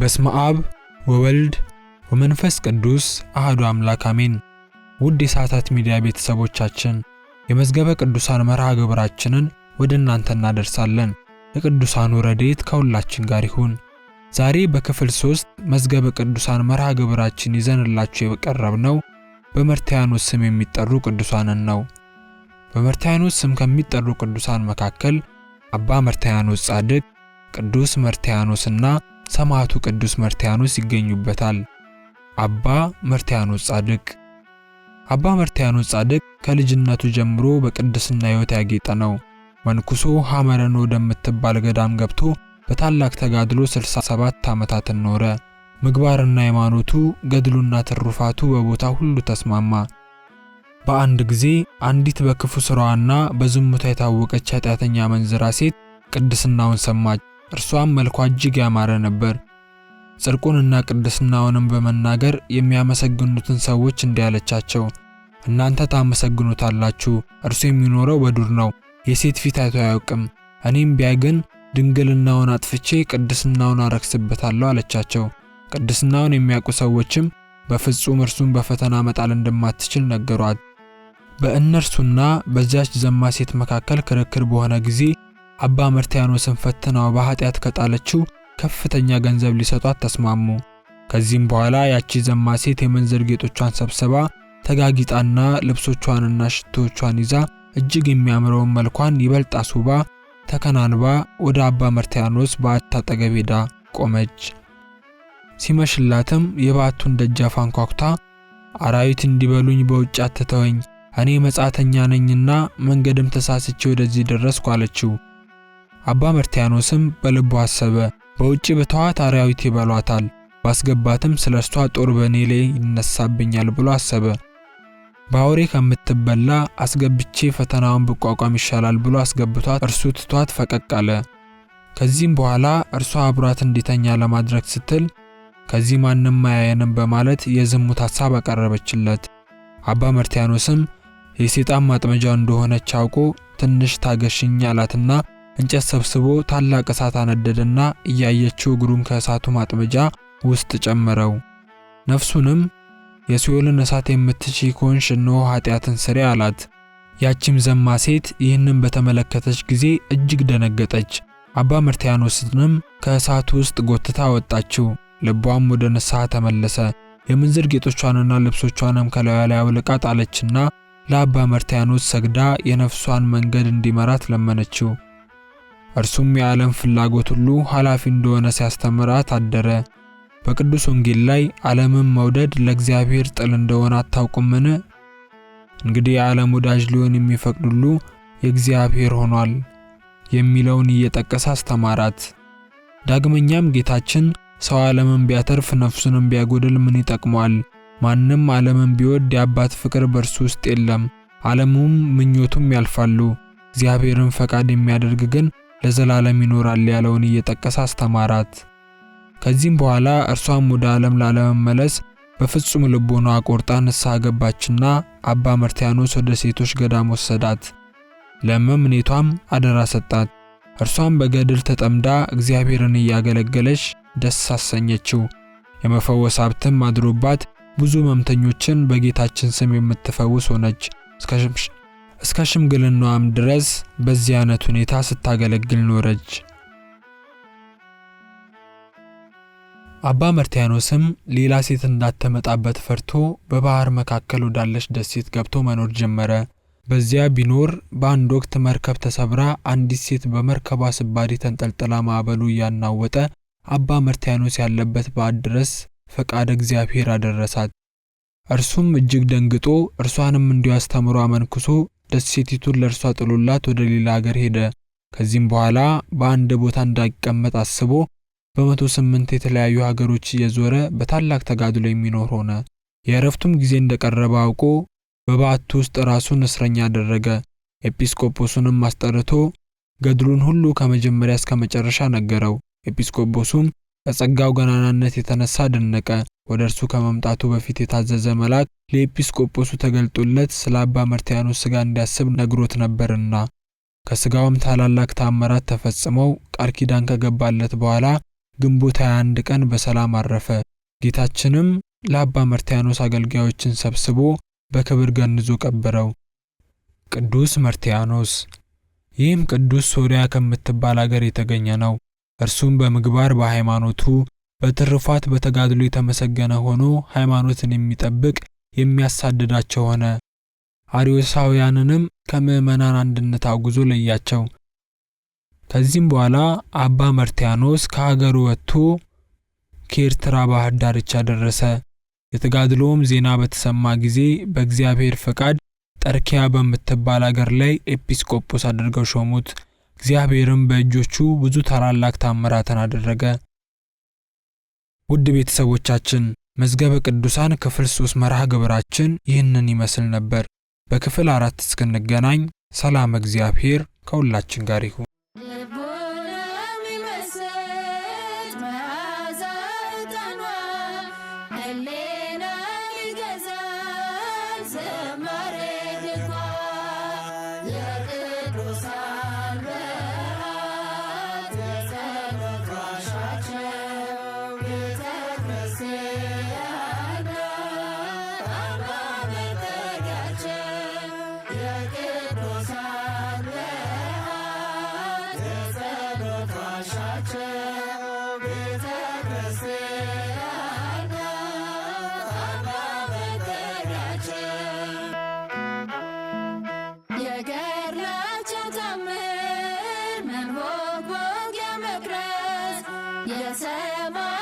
በስመ አብ ወወልድ ወመንፈስ ቅዱስ አህዱ አምላክ አሜን። ውድ የሰዓታት ሚዲያ ቤተሰቦቻችን የመዝገበ ቅዱሳን መርሃ ግብራችንን ወደ እናንተ እናደርሳለን። የቅዱሳኑ ረድኤት ከሁላችን ጋር ይሁን። ዛሬ በክፍል ሶስት መዝገበ ቅዱሳን መርሃ ግብራችን ይዘንላችሁ የቀረብነው በመርትያኖስ ስም የሚጠሩ ቅዱሳንን ነው። በመርትያኖስ ስም ከሚጠሩ ቅዱሳን መካከል አባ መርትያኖስ ጻድቅ፣ ቅዱስ መርትያኖስና ሰማዕቱ ቅዱስ መርቲያኖስ ይገኙበታል። አባ መርቲያኖስ ጻድቅ አባ መርቲያኖስ ጻድቅ ከልጅነቱ ጀምሮ በቅድስና ሕይወት ያጌጠ ነው። መንኩሶ ሐመረኖ ወደምትባል ገዳም ገብቶ በታላቅ ተጋድሎ 67 ዓመታትን ኖረ። ምግባርና ሃይማኖቱ፣ ገድሉና ትሩፋቱ በቦታ ሁሉ ተስማማ። በአንድ ጊዜ አንዲት በክፉ ስራዋና በዝሙታ የታወቀች ኃጢአተኛ መንዝራ ሴት ቅድስናውን ሰማች። እርሷም መልኳ እጅግ ያማረ ነበር። ጽድቁንና ቅድስናውንም በመናገር የሚያመሰግኑትን ሰዎች እንዲህ አለቻቸው፣ እናንተ ታመሰግኑታላችሁ፣ እርሱ የሚኖረው በዱር ነው፣ የሴት ፊት አይቶ አያውቅም። እኔም ቢያይ ግን ድንግልናውን አጥፍቼ ቅድስናውን አረክስበታለሁ አለቻቸው። ቅድስናውን የሚያውቁ ሰዎችም በፍጹም እርሱን በፈተና መጣል እንደማትችል ነገሯት። በእነርሱና በዚያች ዘማ ሴት መካከል ክርክር በሆነ ጊዜ አባ መርትያኖስን ፈትናው በኃጢአት ከጣለችው ከፍተኛ ገንዘብ ሊሰጧት ተስማሙ። ከዚህም በኋላ ያቺ ዘማ ሴት የመንዘር ጌጦቿን ሰብስባ ተጋጊጣና ልብሶቿንና ሽቶቿን ይዛ እጅግ የሚያምረውን መልኳን ይበልጥ አስውባ ተከናንባ ወደ አባ መርትያኖስ በአታ አጠገብ ሄዳ ቆመች። ሲመሽላትም የበዓቱን ደጃፍ አንኳኩታ አራዊት እንዲበሉኝ በውጭ አትተወኝ፣ እኔ መጻተኛ ነኝና መንገድም ተሳስቼ ወደዚህ ደረስኩ አለችው። አባ መርቲያኖስም በልቡ አሰበ። በውጭ በተዋት አራዊት ይበሏታል፣ ባስገባትም ስለ እሷ ጦር በእኔ ላይ ይነሳብኛል ብሎ አሰበ። በአውሬ ከምትበላ አስገብቼ ፈተናውን ብቋቋም ይሻላል ብሎ አስገብቷት እርሱ ትቷት ፈቀቅ አለ። ከዚህም በኋላ እርሷ አብሯት እንዲተኛ ለማድረግ ስትል ከዚህ ማንም አያየንም በማለት የዝሙት ሐሳብ አቀረበችለት። አባ መርቲያኖስም የሴጣን ማጥመጃ እንደሆነች አውቆ ትንሽ ታገሽኝ አላትና እንጨት ሰብስቦ ታላቅ እሳት አነደደና እያየችው እግሩን ከእሳቱ ማጥመጃ ውስጥ ጨመረው። ነፍሱንም የሲኦልን እሳት የምትቺ ከሆንሽ እነሆ ኃጢአትን ስሪ አላት። ያቺም ዘማ ሴት ይህንን በተመለከተች ጊዜ እጅግ ደነገጠች። አባ መርትያኖስንም ከእሳቱ ውስጥ ጎትታ አወጣችው። ልቧም ወደ ንስሐ ተመለሰ። የምንዝር ጌጦቿንና ልብሶቿንም ከላዩ ላይ አውልቃ ጣለችና ለአባ መርትያኖስ ሰግዳ የነፍሷን መንገድ እንዲመራት ለመነችው። እርሱም የዓለም ፍላጎት ሁሉ ኃላፊ እንደሆነ ሲያስተምራት አደረ። በቅዱስ ወንጌል ላይ ዓለምን መውደድ ለእግዚአብሔር ጥል እንደሆነ አታውቁምን? እንግዲህ የዓለም ወዳጅ ሊሆን የሚፈቅድ ሁሉ የእግዚአብሔር ሆኗል የሚለውን እየጠቀሰ አስተማራት። ዳግመኛም ጌታችን ሰው ዓለምን ቢያተርፍ ነፍሱንም ቢያጎድል ምን ይጠቅመዋል? ማንም ዓለምን ቢወድ የአባት ፍቅር በእርሱ ውስጥ የለም። ዓለሙም ምኞቱም ያልፋሉ፣ እግዚአብሔርን ፈቃድ የሚያደርግ ግን ለዘላለም ይኖራል ያለውን እየጠቀሰ አስተማራት። ከዚህም በኋላ እርሷም ወደ ዓለም ላለመመለስ በፍጹም ልቦና አቆርጣ ንስሐ ገባችና አባ መርቲያኖስ ወደ ሴቶች ገዳም ወሰዳት። ለመምኔቷም አደራ ሰጣት። እርሷም በገድል ተጠምዳ እግዚአብሔርን እያገለገለች ደስ አሰኘችው። የመፈወስ ሀብትም አድሮባት ብዙ ሕመምተኞችን በጌታችን ስም የምትፈውስ ሆነች። እስከ ሽምግልናዋም ድረስ በዚህ አይነት ሁኔታ ስታገለግል ኖረች። አባ መርቲያኖስም ሌላ ሴት እንዳትመጣበት ፈርቶ በባህር መካከል ወዳለች ደሴት ገብቶ መኖር ጀመረ። በዚያ ቢኖር በአንድ ወቅት መርከብ ተሰብራ አንዲት ሴት በመርከቧ ስባሪ ተንጠልጥላ ማዕበሉ እያናወጠ አባ መርቲያኖስ ያለበት ባዕድ ድረስ ፈቃደ እግዚአብሔር አደረሳት። እርሱም እጅግ ደንግጦ እርሷንም እንዲያስተምሮ አመንኩሶ ደሴቲቱን ለእርሷ ጥሎላት ወደ ሌላ አገር ሄደ። ከዚህም በኋላ በአንድ ቦታ እንዳይቀመጥ አስቦ በመቶ ስምንት የተለያዩ ሀገሮች እየዞረ በታላቅ ተጋድሎ የሚኖር ሆነ። የእረፍቱም ጊዜ እንደቀረበ አውቆ በባቱ ውስጥ ራሱን እስረኛ አደረገ። ኤጲስቆጶሱንም አስጠርቶ ገድሉን ሁሉ ከመጀመሪያ እስከ መጨረሻ ነገረው። ኤጲስቆጶሱም ከጸጋው ገናናነት የተነሳ ደነቀ። ወደ እርሱ ከመምጣቱ በፊት የታዘዘ መልአክ ለኤጲስቆጶሱ ተገልጦለት ስለ አባ መርትያኖስ ሥጋ እንዲያስብ ነግሮት ነበርና። ከሥጋውም ታላላቅ ተአምራት ተፈጽመው ቃል ኪዳን ከገባለት በኋላ ግንቦት 21 ቀን በሰላም አረፈ። ጌታችንም ለአባ መርትያኖስ አገልጋዮችን ሰብስቦ በክብር ገንዞ ቀበረው። ቅዱስ መርትያኖስ ይህም ቅዱስ ሶርያ ከምትባል አገር የተገኘ ነው። እርሱም በምግባር በሃይማኖቱ በትርፋት በተጋድሎ የተመሰገነ ሆኖ ሃይማኖትን የሚጠብቅ የሚያሳድዳቸው ሆነ። አሪዮሳውያንንም ከምዕመናን አንድነት አጉዞ ለያቸው። ከዚህም በኋላ አባ መርቲያኖስ ከሀገሩ ወጥቶ ከኤርትራ ባህር ዳርቻ ደረሰ። የተጋድሎም ዜና በተሰማ ጊዜ በእግዚአብሔር ፈቃድ ጠርኪያ በምትባል አገር ላይ ኤጲስቆጶስ አድርገው ሾሙት። እግዚአብሔርም በእጆቹ ብዙ ታላላቅ ታምራትን አደረገ። ውድ ቤተሰቦቻችን መዝገበ ቅዱሳን ክፍል ሶስት መርሃ ግብራችን ይህንን ይመስል ነበር። በክፍል አራት እስክንገናኝ ሰላም፣ እግዚአብሔር ከሁላችን ጋር ይሁን። amor.